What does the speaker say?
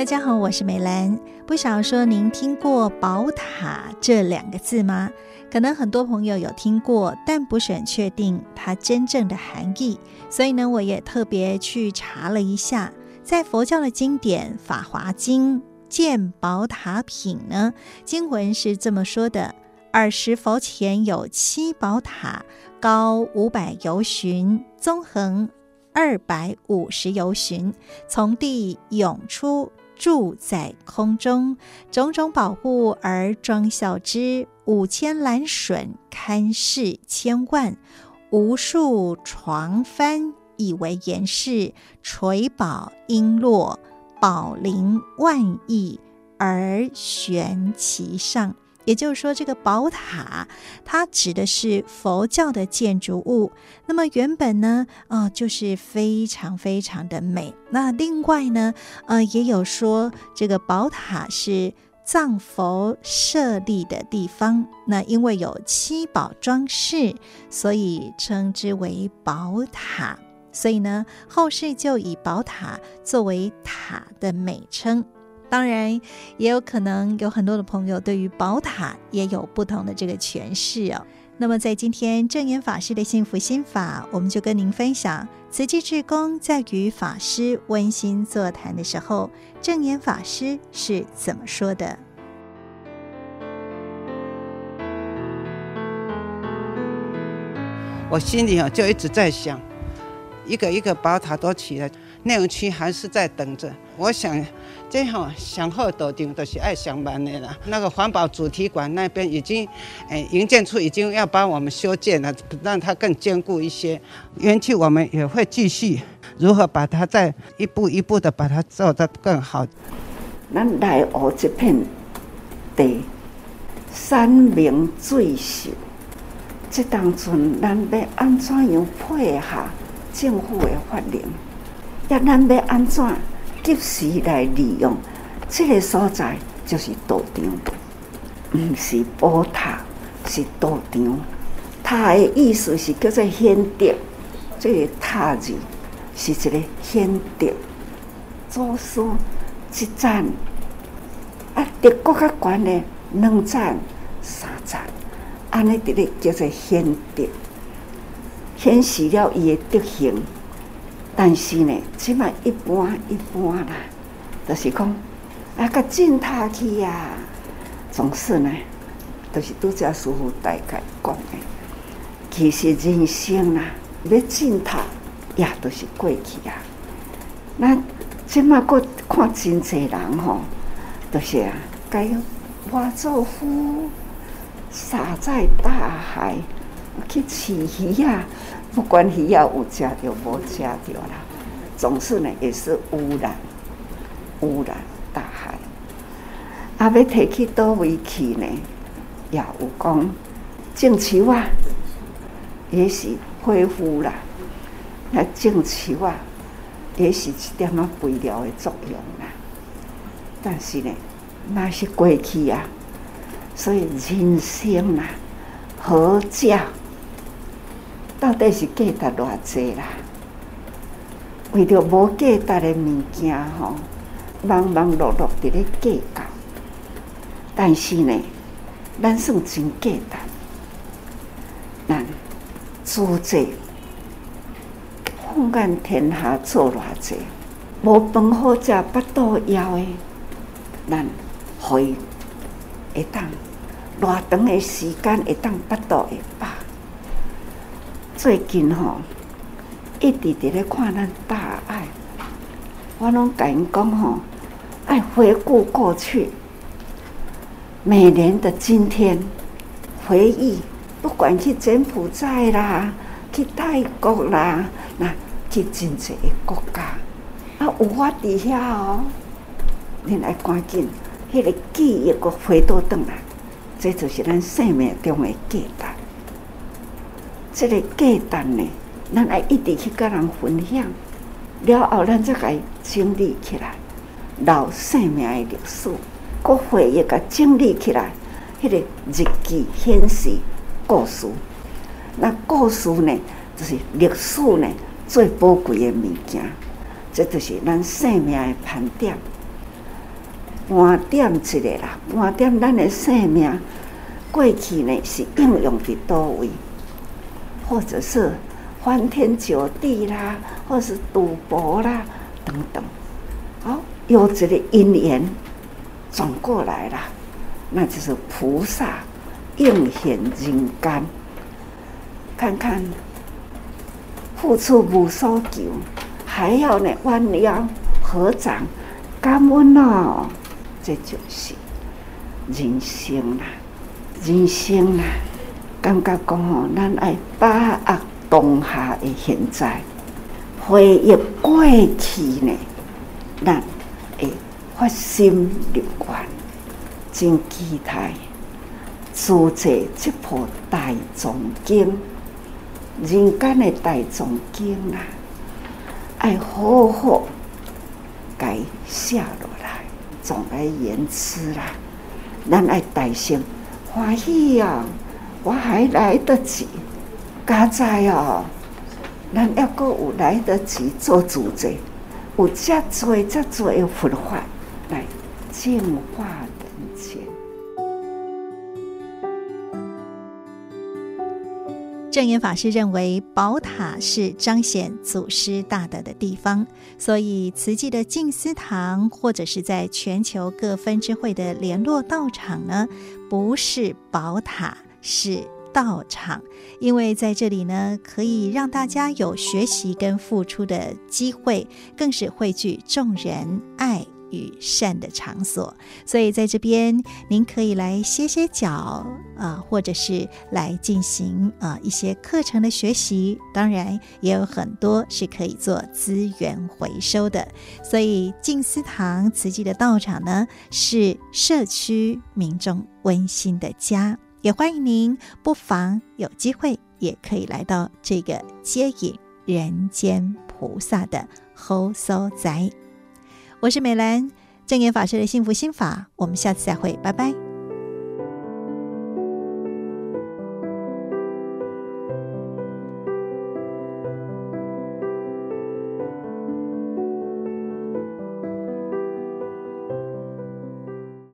大家好，我是美蘭。不曉得您聽過“寶塔”這兩個字嗎？可能很多朋友有聽過，但不是很確定它真正的含義。所以呢，我也特別去查了一下，在佛教的經典《法華經》《見寶塔品》呢，經文是這麼說的：“爾時佛前有七寶塔，高五百由旬，縱橫二百五十由旬，從地湧出。”住在空中，種種寶物而莊校之，五千欄楯龕室千萬，無數幢幡以為嚴飾，垂寶瓔珞，寶鈴萬億而懸其上。也就是說，這個寶塔它指的是佛教的建築物。那麼原本呢，啊、哦，就是非常非常的美。那另外呢，呃，也有說這個寶塔是藏佛設立的地方。那因為有七寶裝飾，所以稱之為寶塔。所以呢，後世就以寶塔作為塔的美稱。當然，也有可能有很多的朋友對於寶塔也有不同的這個詮釋哦。那麼，在今天證嚴法師的幸福心法，我們就跟您分享慈濟志工在與法師溫馨座談的時候，證嚴法師是怎麼說的？我心裡啊，就一直在想，一個一個寶塔都起來。內容區還是在等着。我想，最好，向後頭頂都是愛上班的了。那個環保主題館那邊已經，誒、欸，營建處已經要幫我們修建了，讓它更堅固一些。園區我們也會繼續，如何把它再一步一步的把它做得更好。咱來學這片地，山明水秀，這當中咱要安怎樣配合政府的法令？要咱要安怎及時來利用即、這個所在，就是道場，毋是寶塔，是道場。塔的意思是叫做顯德，這個塔字是一個顯德，做書一層，啊，德國較懸嘞，兩層、三層，安尼一咧叫做顯德，顯示了伊的德行。但是呢，起碼一般一般啦，就是講，啊個進塔去啊。總是呢，都、就是拄只師父大概講的。其實人生啦啊，要進塔也都是過去啊。咱起碼過看真濟人吼，就是啊，該划舟夫，撒在大海去捕魚呀、啊。不管需要有吃就無吃掉了，總是呢，也是污染污染大海。阿、啊、要提起倒位去呢，也有講種樹啊，也是恢復了。那、啊、種樹啊，也是一點啊肥料的作用啦。但是呢，那是過去啊，所以人生吶、啊，好教。到底是價值偌濟啦？為着無價值的物件吼，忙忙碌碌佇咧計較。但是呢，咱算是真價值。咱做者放眼天下做偌濟，無飯好食、腹肚枵的，咱會會當偌長的時間會當腹肚會飽。最近吼，一直佇咧看咱大愛，我攏甲因講吼，愛回顧過去每年的今天，回憶不管去柬埔寨啦，去泰國啦，吶去真濟個國家，啊有法佇遐哦，恁愛趕緊迄個記憶閣回到當下，這就是咱生命中的記憶。這個簡單呢，咱要一直去跟人分享了後，咱再來整理起來老生命的歷史，擱回憶整理起來，迄、那個日記、現實故事。那故事呢，就是歷史呢最寶貴的物件。這就是咱生命的盤點，盤點一個啦，盤點咱的生命過去呢是應用佇佗位。或者是歡天酒地啦，或是賭博啦，等等，好、哦，有這個因緣轉過來了，那就是菩薩應現人間。看看付出無所求，還要呢彎腰合掌感恩啊，這就是人生啦，人生啦。感覺講吼，咱要把握當下誒。現在，回憶過去呢，咱會發心樂觀，真期待書着這部大藏經，人間誒大藏經啊，要好好甲伊寫落來啦，總而言之啦，咱愛大聲歡喜啊！我還來得及，家在哦，咱要夠有來得及做主者，我這做這做一幅畫來淨化人間。證嚴法師認為，寶塔是彰顯祖師大德的地方，所以慈濟的靜思堂或者是在全球各分支會的聯絡道場呢，不是寶塔。是道場，因為在這裡呢，可以讓大家有學習跟付出的機會，更是匯聚眾人愛與善的場所。所以在這邊，您可以來歇歇腳啊、呃，或者是來進行啊、呃、一些課程的學習。當然，也有很多是可以做資源回收的。所以靜思堂慈濟的道場呢，是社區民眾溫馨的家。也歡迎您，不妨有機會也可以來到這個接引人間菩薩的好所在。我是美蘭，證嚴法師的幸福心法，我們下次再會，拜拜。